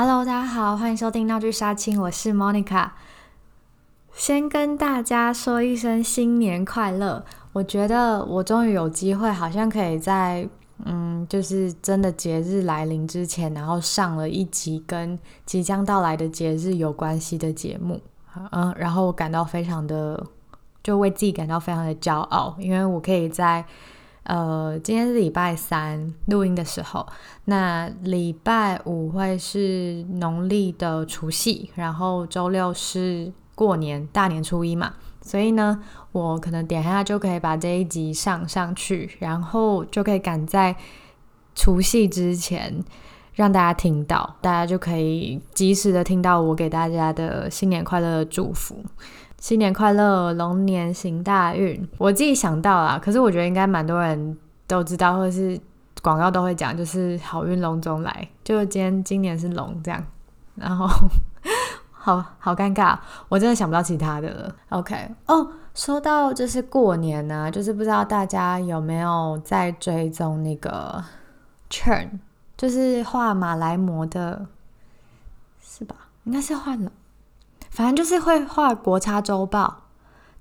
Hello，大家好，歡迎收聽到《鬧劇殺青》，我是 Monica。先跟大家說一聲新年快樂！我覺得我終於有機會，好像可以在嗯，就是真的節日來臨之前，然後上了一集跟即將到來的節日有關係的節目，嗯，然後我感到非常的，就為自己感到非常的驕傲，因為我可以在。呃，今天是禮拜三錄音的時候，那禮拜五會是農曆的除夕，然後週六是過年大年初一嘛，所以呢，我可能等一下就可以把這一集上上去，然後就可以趕在除夕之前讓大家聽到，大家就可以及時的聽到我給大家的新年快樂的祝福。新年快樂，龍年行大運。我自己想到啦，可是我覺得應該蠻多人都知道，或者是廣告都會講，就是好運龍中來。就今天今年是龍這樣，然後好好尷尬，我真的想不到其他的了。OK，哦，說到就是過年呢、啊，就是不知道大家有沒有在追蹤那個 turn 就是畫馬來模的，是吧？應該是換了。反正就是會畫《國差周報》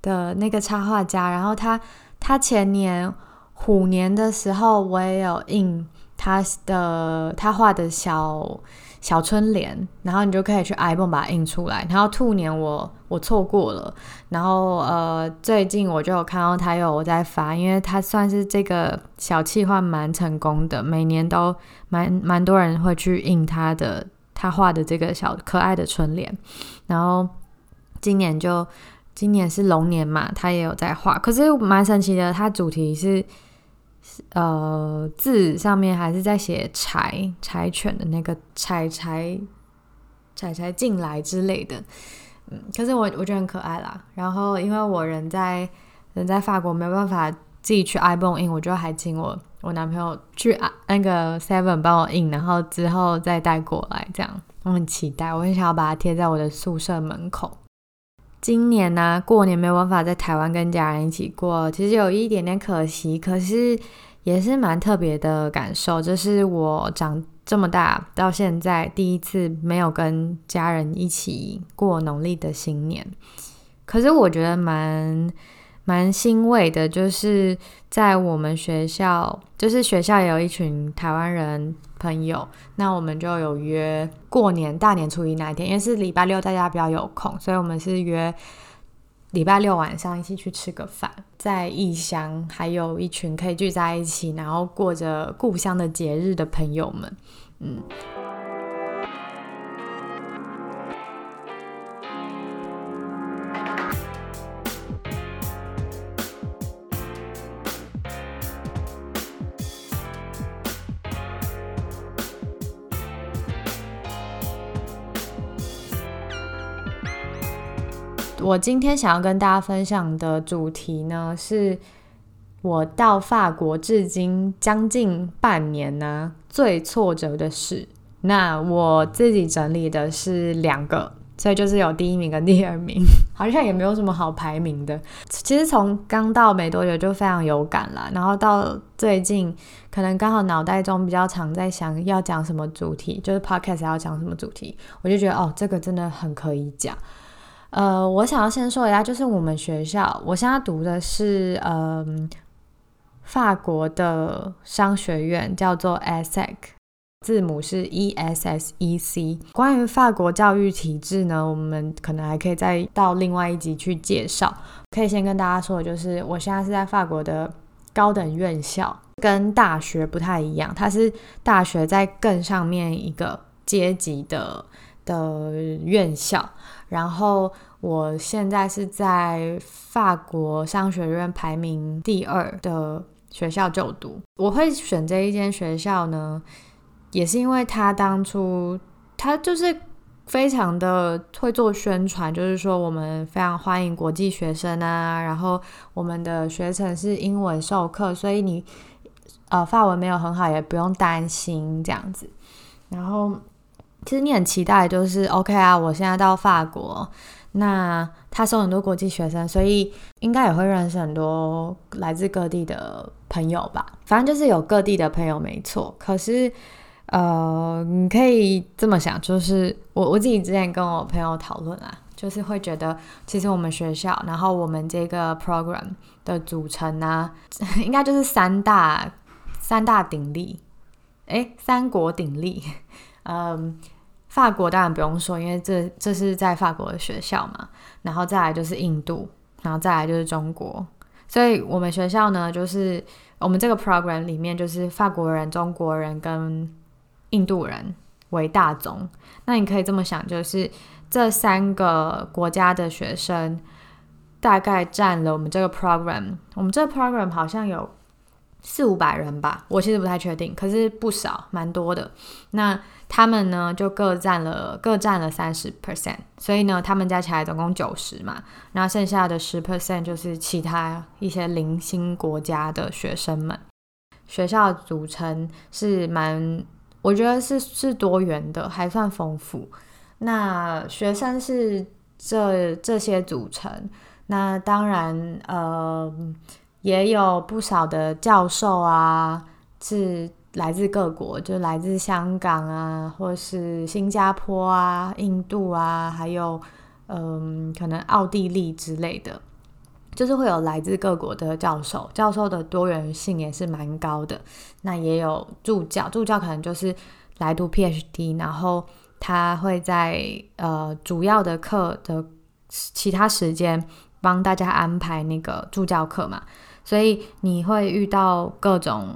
的那個插畫家，然後他他前年虎年的時候，我也有印他的他畫的小小春聯，然後你就可以去 ibon 把它印出來。然後兔年我我錯過了，然後呃最近我就有看到他有我在發，因為他算是這個小企劃蠻成功的，每年都蠻蠻多人會去印他的。他畫的這個小可愛的春聯，然後今年就今年是龍年嘛，他也有在畫，可是蠻神奇的，他主題是呃字上面還是在寫柴柴犬的那個柴柴柴柴進來之類的，嗯，可是我我覺得很可愛啦。然後因為我人在人在法國，沒有辦法自己去 ibon, 我就還請我。我男朋友去啊那個 Seven 幫我印，然後之後再帶過來，這樣。我很期待，我很想要把它貼在我的宿舍門口。今年呢，啊，過年沒辦法在台灣跟家人一起過，其實有一點點可惜，可是也是蠻特別的感受，這，就是我長這麼大到現在第一次沒有跟家人一起過農曆的新年，可是我覺得蠻。蠻欣慰的，就是在我們學校，就是學校也有一群台灣人朋友，那我們就有約過年大年初一那一天，因為是禮拜六，大家比較有空，所以我們是約禮拜六晚上一起去吃個飯，在異鄉，還有一群可以聚在一起，然後過着故鄉的節日的朋友們，嗯。我今天想要跟大家分享的主題呢，是我到法國至今將近半年呢最挫折的事。那我自己整理的是兩個，所以就是有第一名跟第二名，好像也沒有什麼好排名的。其實從剛到沒多久就非常有感了，然後到最近可能剛好腦袋中比較常在想要講什麼主題，就是 Podcast 要講什麼主題，我就覺得哦，這個真的很可以講。呃，我想要先說一下，就是我們學校。我現在讀的是嗯法國的商學院，叫做 ESSEC，字母是 E S S E C。關於法國教育體制呢，我們可能還可以再到另外一集去介紹。可以先跟大家說的，就是我現在是在法國的高等院校，跟大學不太一樣，它是大學在更上面一個階級的。的院校，然後我現在是在法國商學院排名第二的學校就讀。我會選這一間學校呢，也是因為他當初他就是非常的會做宣傳，就是說我們非常歡迎國際學生啊，然後我們的學程是英文授課，所以你呃法文沒有很好也不用擔心這樣子，然後。其實你很期待，就是 OK 啊，我現在到法國，那他收很多國際學生，所以應該也會認識很多來自各地的朋友吧。反正就是有各地的朋友，沒錯。可是，呃，你可以這麼想，就是我我自己之前跟我朋友討論啊，就是會覺得，其實我們學校，然後我們這個 program 的組成啊，應該就是三大三大鼎立，哎，三國鼎立。嗯，法國當然不用說，因為這這是在法國的學校嘛。然後再來就是印度，然後再來就是中國。所以我們學校呢，就是我們這個 program 裡面，就是法國人、中國人跟印度人為大宗。那你可以這麼想，就是這三個國家的學生大概佔了我們這個 program。我們這個 program 好像有，四五百人吧，我其實不太確定，可是不少，蠻多的。那他們呢，就各占了各占了三十 percent，所以呢，他們加起來總共九十嘛。那剩下的十 percent 就是其他一些零星國家的學生們。學校組成是蠻，我覺得是是多元的，還算豐富。那學生是這這些組成，那當然，呃。也有不少的教授啊，是來自各國，就來自香港啊，或是新加坡啊、印度啊，還有嗯，可能奧地利之類的，就是會有來自各國的教授，教授的多元性也是蠻高的。那也有助教，助教可能就是來讀 PhD，然後他會在呃主要的課的其他時間幫大家安排那個助教課嘛。所以你會遇到各種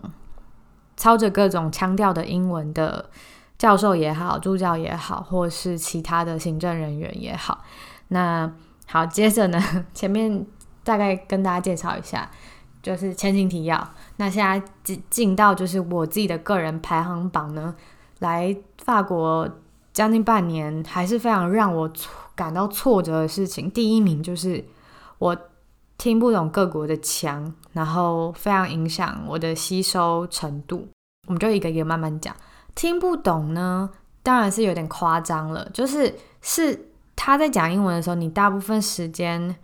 操着各種腔調的英文的教授也好，助教也好，或是其他的行政人員也好。那好，接着呢，前面大概跟大家介紹一下，就是前情提要。那現在進進到就是我自己的個人排行榜呢，來法國將近半年，還是非常讓我感到挫折的事情。第一名就是我，聽不懂各國的腔，然後非常影響我的吸收程度。我們就一個一個慢慢講，聽不懂呢，當然是有點誇張了。就是是他在講英文的時候，你大部分時間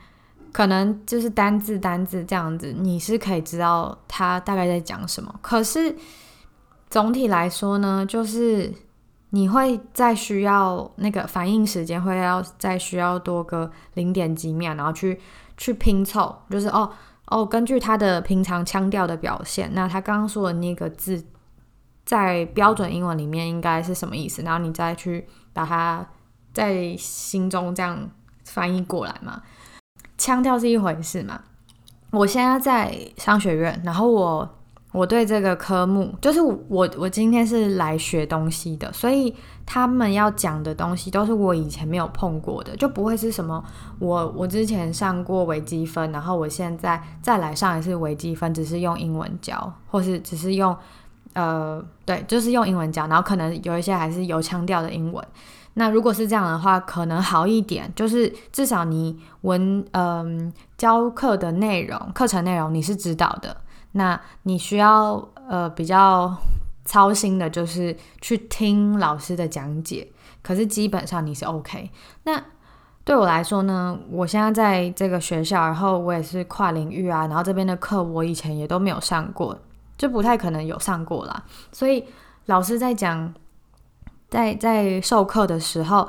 可能就是單字單字這樣子，你是可以知道他大概在講什麼。可是總體來說呢，就是你會再需要那個反應時間，會要再需要多個零點幾秒，然後去。去拼湊，就是哦哦，根據他的平常腔調的表現，那他剛剛說的那個字，在標準英文裡面應該是什麼意思？然後你再去把它在心中這樣翻譯過來嘛。腔調是一回事嘛，我現在在商學院，然後我。我對這個科目，就是我我今天是來學東西的，所以他們要講的東西都是我以前沒有碰過的，就不會是什麼我我之前上過微積分，然後我現在再來上一次微積分，只是用英文教，或是只是用呃對，就是用英文教，然後可能有一些還是有腔調的英文。那如果是這樣的話，可能好一點，就是至少你文嗯、呃、教課的內容課程內容你是知道的。那你需要呃比較操心的就是去聽老師的講解，可是基本上你是 OK。那對我來說呢，我現在在這個學校，然後我也是跨領域啊，然後這邊的課我以前也都沒有上過，就不太可能有上過啦。所以老師在講，在在授課的時候，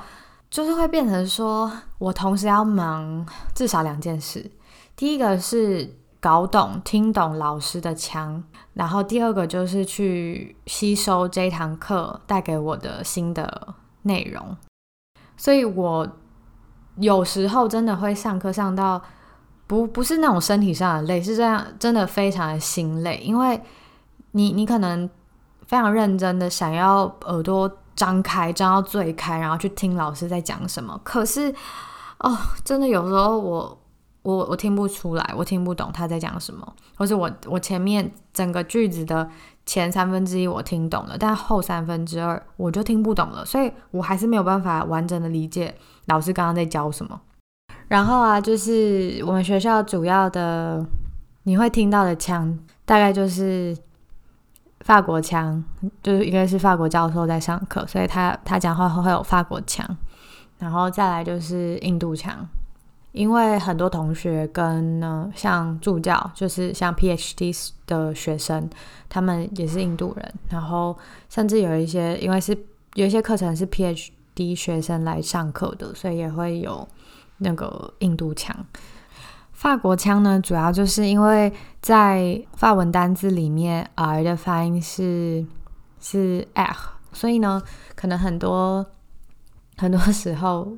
就是會變成說我同時要忙至少兩件事。第一個是。搞懂、聽懂老師的腔，然後第二個就是去吸收這一堂課帶給我的新的內容。所以，我有時候真的會上課上到不，不是那種身體上的累，是這樣，真的非常的心累。因為你，你你可能非常認真的想要耳朵張開，張到最開，然後去聽老師在講什麼。可是，哦，真的有時候我，我我聽不出來，我聽不懂他在講什麼，或是我我前面整個句子的前三分之一我聽懂了，但後三分之二我就聽不懂了，所以我還是沒有辦法完整的理解老師剛剛在教什麼。然後啊，就是我們學校主要的你會聽到的腔，大概就是法國腔，就是應該是法國教授在上課，所以他他講話會會有法國腔，然後再來就是印度腔。因為很多同學跟呢、呃，像助教，就是像 PhD 的學生，他們也是印度人，然後甚至有一些，因為是有一些課程是 PhD 學生來上課的，所以也會有那個印度腔。法國腔呢，主要就是因為在法文單字裡面，R 的發音是是 F，所以呢，可能很多很多時候，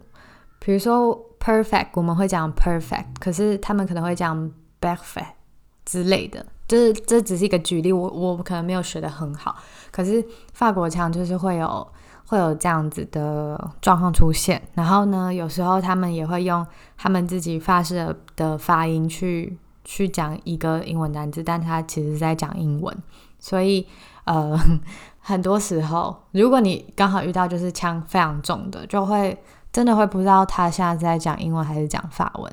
比如說。perfect，我們會講 perfect，可是他們可能會講 backfit 之類的，就是這只是一個舉例，我我可能沒有學得很好，可是法國腔就是會有會有這樣子的狀況出現，然後呢，有時候他們也會用他們自己法式的、的發音去去講一個英文單字，但他其實在講英文，所以呃，很多時候如果你剛好遇到就是腔非常重的，就會，真的會不知道他現在在講英文還是講法文，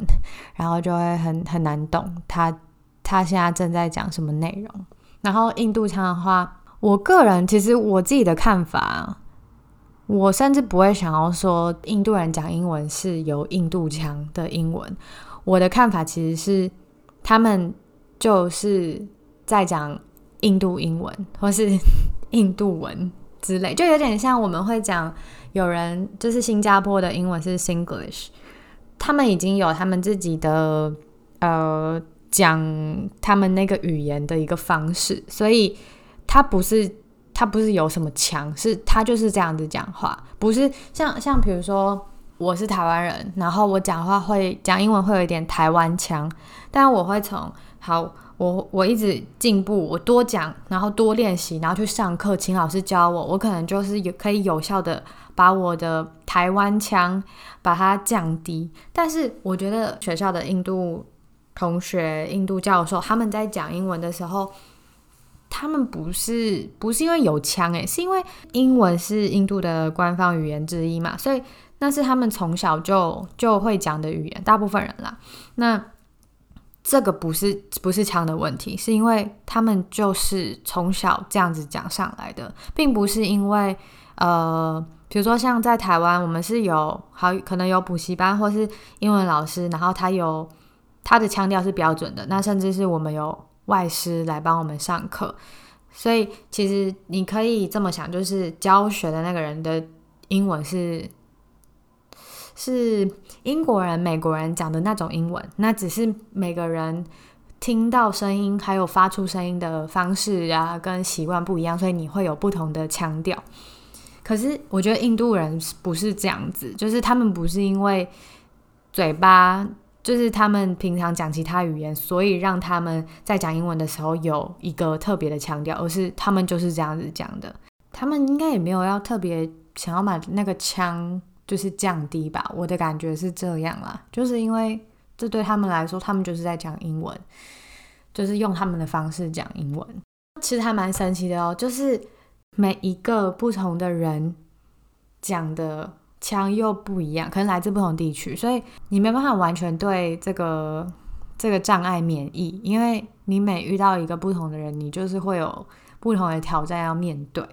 然後就會很很難懂他他現在正在講什麼內容。然後印度腔的話，我個人其實我自己的看法，我甚至不會想要說印度人講英文是有印度腔的英文。我的看法其實是他們就是在講印度英文或是印度文之類，就有點像我們會講。有人就是新加坡的英文是 Singlish，他們已經有他們自己的呃講他們那個語言的一個方式，所以他不是，他不是有什麼腔，是他就是這樣子講話，不是像像比如說我是台灣人，然後我講話會講英文會有一點台灣腔，但我會從好，我我一直進步，我多講，然後多練習，然後去上課，請老師教我，我可能就是有可以有效的。把我的台灣腔把它降低，但是我覺得學校的印度同學、印度教授他們在講英文的時候，他們不是不是因為有腔誒、欸，是因為英文是印度的官方語言之一嘛，所以那是他們從小就就會講的語言，大部分人啦。那這個不是不是腔的問題，是因為他們就是從小這樣子講上來的，並不是因為呃。比如說，像在台灣，我們是有好，可能有補習班，或是英文老師，然後他有他的腔調是標準的。那甚至是我們有外師來幫我們上課，所以其實你可以這麼想，就是教學的那個人的英文是是英國人、美國人講的那種英文，那只是每個人聽到聲音還有發出聲音的方式啊，跟習慣不一樣，所以你會有不同的腔調。可是我覺得印度人不是這樣子，就是他們不是因為嘴巴，就是他們平常講其他語言，所以讓他們在講英文的時候有一個特別的腔調，而是他們就是這樣子講的。他們應該也沒有要特別想要把那個腔就是降低吧，我的感覺是這樣啦，就是因為這對他們來說，他們就是在講英文，就是用他們的方式講英文，其實還蠻神奇的哦，就是。每一個不同的人講的腔又不一樣，可能來自不同地區，所以你沒辦法完全對這個這個障礙免疫。因為你每遇到一個不同的人，你就是會有不同的挑戰要面對。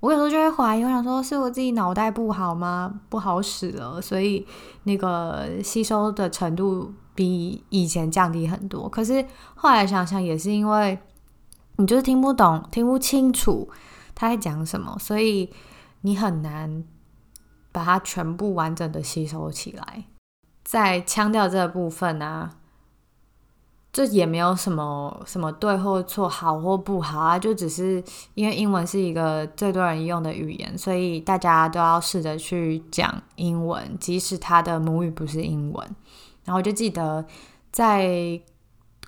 我有時候就會懷疑，我想說是我自己腦袋不好嗎？不好使了，所以那個吸收的程度比以前降低很多。可是後來想想，也是因為你就是聽不懂，聽不清楚。他在講什麼，所以你很難把它全部完整的吸收起來。在腔調這個部分啊，這也沒有什麼什麼對或錯，好或不好啊，就只是因為英文是一個最多人用的語言，所以大家都要試着去講英文，即使他的母語不是英文。然後就記得在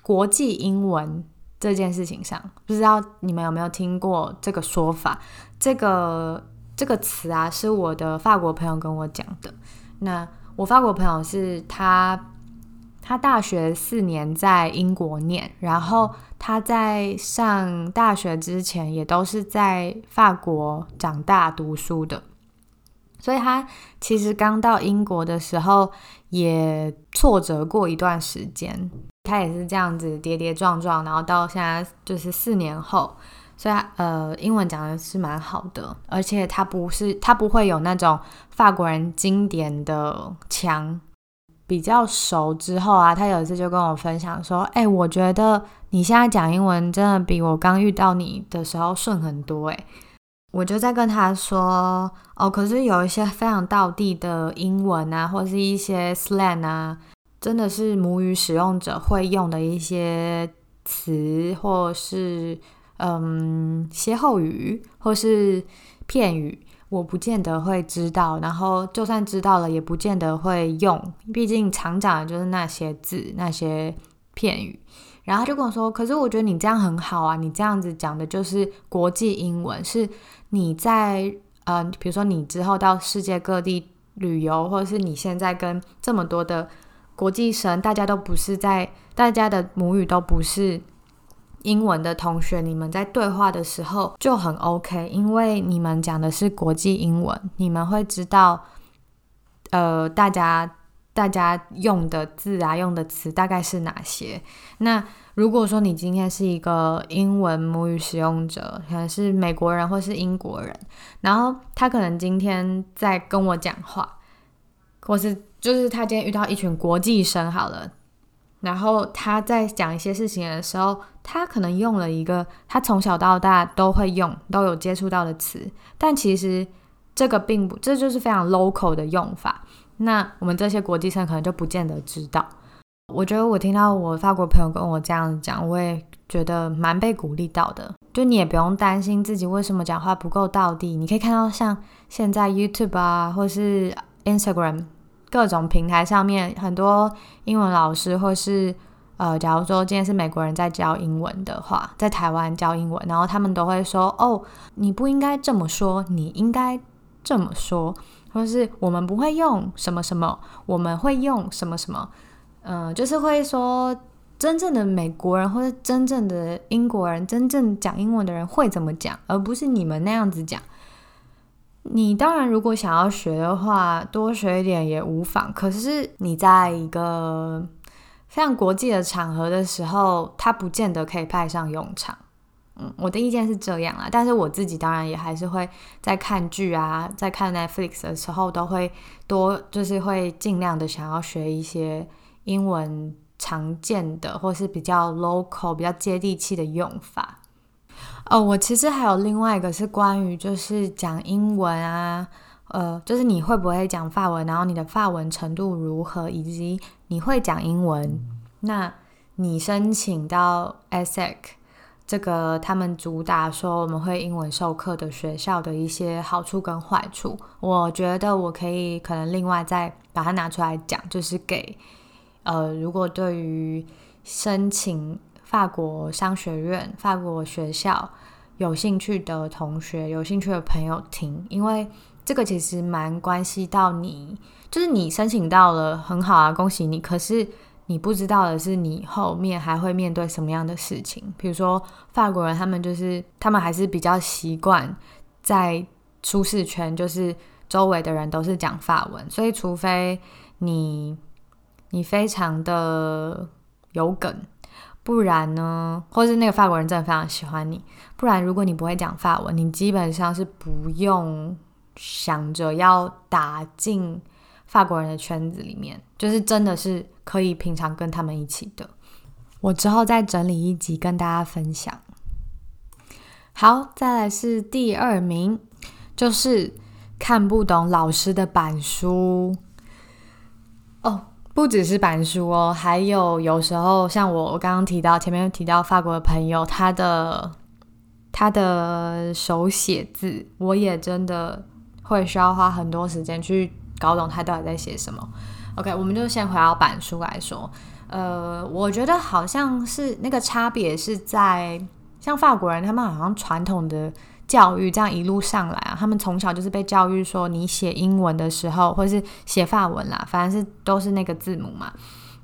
國際英文，這件事情上，不知道你們有沒有聽過這個說法？這個這個詞啊，是我的法國朋友跟我講的。那我法國朋友是他，他大學四年在英國念，然後他在上大學之前也都是在法國長大讀書的。所以他其實剛到英國的時候也挫折過一段時間，他也是這樣子跌跌撞撞，然後到現在就是四年後，所以他呃，英文講的是蠻好的，而且他不是，他不會有那種法國人經典的腔。比較熟之後啊，他有一次就跟我分享說，哎、欸，我覺得你現在講英文真的比我剛遇到你的時候順很多，欸，我就在跟他說哦，可是有一些非常道地的英文啊，或是一些 slang 啊，真的是母語使用者會用的一些詞，或是嗯歇後語，或是片語，我不見得會知道。然後就算知道了，也不見得會用，畢竟常講的就是那些字、那些片語。然後他就跟我說，可是我覺得你這樣很好啊，你這樣子講的就是國際英文，是。你在呃，比如說你之後到世界各地旅遊，或者是你現在跟這麼多的國際生，大家都不是在大家的母語都不是英文的同學，你們在對話的時候就很 OK，因為你們講的是國際英文，你們會知道呃，大家大家用的字啊，用的詞大概是哪些。那如果說你今天是一個英文母語使用者，可能是美國人或是英國人，然後他可能今天在跟我講話，或是就是他今天遇到一群國際生好了，然後他在講一些事情的時候，他可能用了一個他從小到大都會用、都有接觸到的詞，但其實這個並不，這就是非常 local 的用法。那我們這些國際生可能就不見得知道。我覺得我聽到我法國朋友跟我這樣講，我也覺得蠻被鼓勵到的。就你也不用擔心自己為什麼講話不夠道地。你可以看到像現在 YouTube 啊，或是 Instagram 各種平台上面，很多英文老師或是呃，假如說今天是美國人在教英文的話，在台灣教英文，然後他們都會說：“哦，你不應該這麼說，你應該這麼說，或是我們不會用什麼什麼，我們會用什麼什麼。”嗯、呃，就是會說真正的美國人或者，真正的英國人，真正講英文的人會怎麼講，而不是你們那樣子講。你當然如果想要學的話，多學一點也無妨。可是你在一個非常國際的場合的時候，它不見得可以派上用場。嗯，我的意見是這樣啦。但是我自己當然也還是會，在看劇啊，在看 Netflix 的時候，都會多就是會盡量的想要學一些。英文常見的，或是比較 local、比較接地氣的用法。哦，我其實還有另外一個是關於，就是講英文啊，呃，就是你會不會講法文，然後你的法文程度如何，以及你會講英文。那你申請到 ESSEC 這個他們主打說我們會英文授課的學校的一些好處跟壞處，我覺得我可以可能另外再把它拿出來講，就是給。呃，如果對於申請法國商學院、法國學校有興趣的同學、有興趣的朋友聽，因為這個其實蠻關係到你，就是你申請到了很好啊，恭喜你。可是你不知道的是，你後面還會面對什麼樣的事情。比如說，法國人他們就是他們還是比較習慣在舒適圈，就是周圍的人都是講法文，所以除非你，你非常的有梗，不然呢，或是那個法國人真的非常喜歡你，不然如果你不會講法文，你基本上是不用想着要打進法國人的圈子裡面，就是真的是可以平常跟他們一起的。我之後再整理一集跟大家分享。好，再來是第二名，就是看不懂老師的板書。不只是板書哦，還有有時候像我剛剛提到前面提到法國的朋友，他的他的手寫字，我也真的會需要花很多時間去搞懂他到底在寫什麼。OK，我們就先回到板書來說。呃，我覺得好像是那個差別是在像法國人，他們好像傳統的。教育這樣一路上來啊，他們從小就是被教育說，你寫英文的時候，或是寫法文啦，反正是都是那個字母嘛。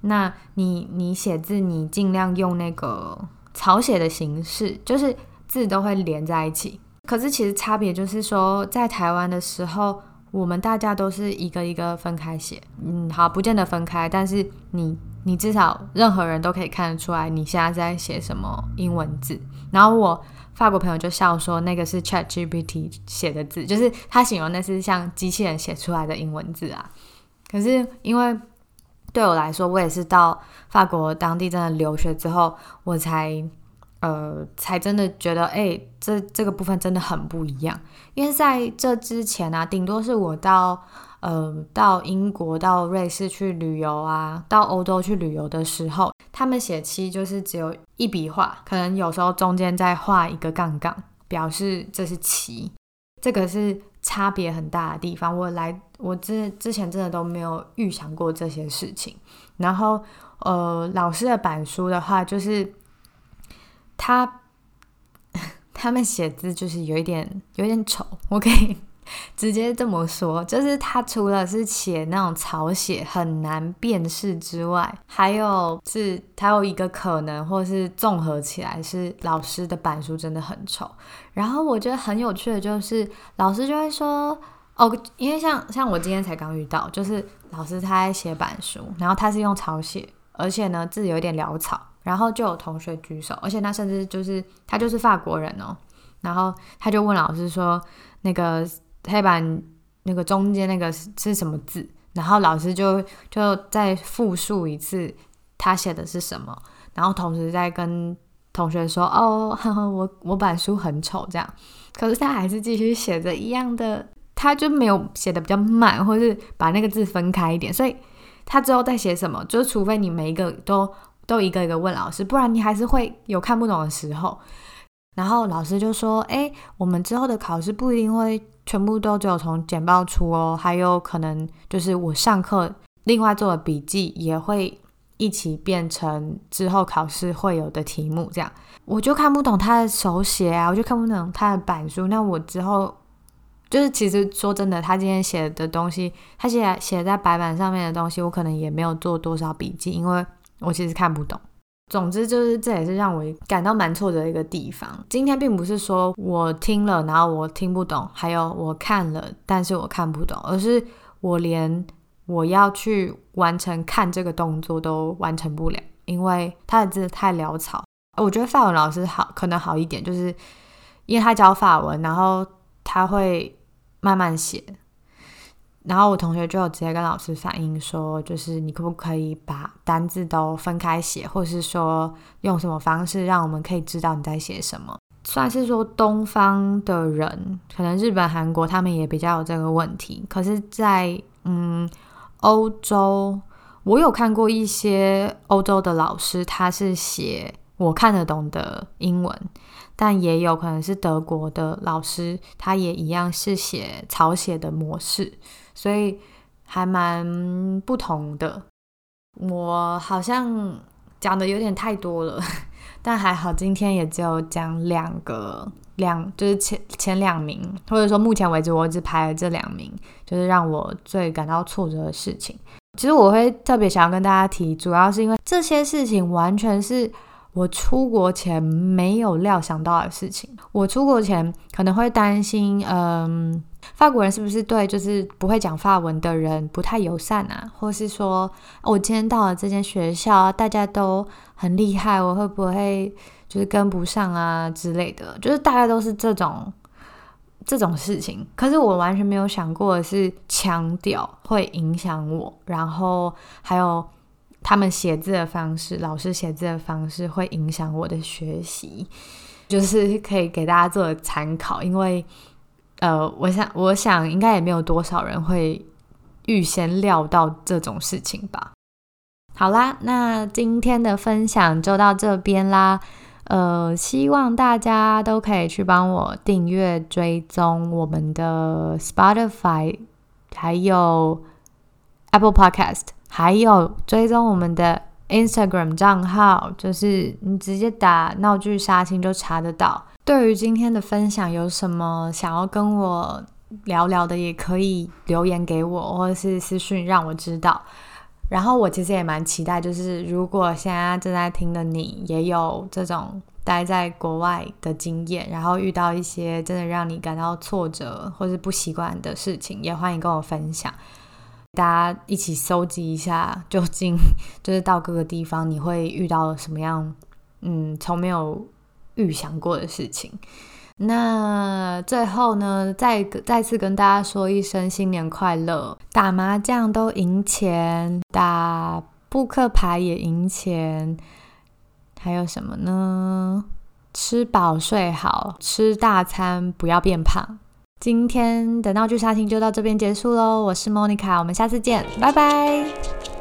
那你你寫字，你盡量用那個草寫的形式，就是字都會連在一起。可是其實差別就是說，在台灣的時候，我們大家都是一個一個分開寫。嗯，好，不見得分開，但是你你至少任何人都可以看得出來，你現在在寫什麼英文字。然後我。法國朋友就笑說：“那個是 ChatGPT 寫的字，就是他形容那是像機器人寫出來的英文字啊。”可是因為對我來說，我也是到法國當地真的留學之後，我才呃才真的覺得，哎、欸，這這個部分真的很不一樣。因為在這之前啊，頂多是我到。呃，到英國、到瑞士去旅遊啊，到歐洲去旅遊的時候，他們寫“七”就是只有一筆畫，可能有時候中間再畫一個槓槓，表示這是“七”。這個是差別很大的地方。我來，我之之前真的都沒有預想過這些事情。然後，呃，老師的板書的話，就是他他們寫字就是有一點有一點醜，OK。直接這麼說，就是他除了是寫那種草寫很難辨識之外，還有是他有一個可能，或是綜合起來是老師的板書真的很醜。然後我覺得很有趣的，就是老師就會說哦，因為像像我今天才剛遇到，就是老師他在寫板書，然後他是用草寫，而且呢字有點潦草，然後就有同學舉手，而且他甚至就是他就是法國人哦，然後他就問老師說那個。黑板那個中間那個是是什麼字？然後老師就就再複述一次他寫的是什麼，然後同時再跟同學說：“哦，呵呵我我板書很醜。”這樣，可是他還是繼續寫着一樣的，他就沒有寫的比較慢，或是把那個字分開一點。所以他之後在寫什麼？就除非你每一個都都一個一個問老師，不然你還是會有看不懂的時候。然後老師就說：“誒，我們之後的考試不一定會。”全部都只有從簡報出哦，還有可能就是我上課另外做的筆記也會一起變成之後考試會有的題目。這樣我就看不懂他的手寫啊，我就看不懂他的板書。那我之後就是，其實說真的，他今天寫的東西，他寫寫在白板上面的東西，我可能也沒有做多少筆記，因為我其實看不懂。總之就是，這也是讓我感到蠻挫折的一個地方。今天並不是說我聽了然後我聽不懂，還有我看了但是我看不懂，而是我連我要去完成看這個動作都完成不了，因為他的字太潦草。我覺得法文老師好可能好一點，就是因為他教法文，然後他會慢慢寫。然後我同學就有直接跟老師反映說：“就是你可不可以把單字都分開寫，或是說用什麼方式讓我們可以知道你在寫什麼？”算是說東方的人，可能日本、韓國他們也比較有這個問題。可是在，在嗯歐洲，我有看過一些歐洲的老師，他是寫我看得懂的英文，但也有可能是德國的老師，他也一樣是寫草寫的模式。所以還蠻不同的。我好像講的有點太多了，但還好，今天也只有講兩個兩，就是前前兩名，或者說目前為止我只排了這兩名，就是讓我最感到挫折的事情。其實我會特別想要跟大家提，主要是因為這些事情完全是我出國前沒有料想到的事情。我出國前可能會擔心，嗯。法國人是不是對就是不會講法文的人不太友善啊？或是說我今天到了這間學校啊，大家都很厲害，我會不會就是跟不上啊之類的？就是大概都是這種這種事情。可是我完全沒有想過的是腔調會影響我，然後還有他們寫字的方式，老師寫字的方式會影響我的學習，就是可以給大家做參考，因為。呃，我想，我想應該也沒有多少人會預先料到這種事情吧。好啦，那今天的分享就到這邊啦。呃，希望大家都可以去幫我訂閱追蹤我們的 Spotify，還有 Apple Podcast，還有追蹤我們的 Instagram 賬號，就是你直接打“鬧劇殺青”就查得到。對於今天的分享，有什麼想要跟我聊聊的，也可以留言給我，或者是私訊讓我知道。然後我其實也蠻期待，就是如果現在正在聽的你，也有這種待在國外的經驗，然後遇到一些真的讓你感到挫折或是不習慣的事情，也歡迎跟我分享，大家一起收集一下，究竟就是到各個地方你會遇到了什麼樣，嗯，從沒有。預想過的事情。那最後呢，再再次跟大家說一聲新年快樂！打麻將都贏錢，打撲克牌也贏錢，還有什麼呢？吃飽睡好，吃大餐不要變胖。今天的鬧劇殺青就到這邊結束嘍，我是 Monica，我們下次見，拜拜。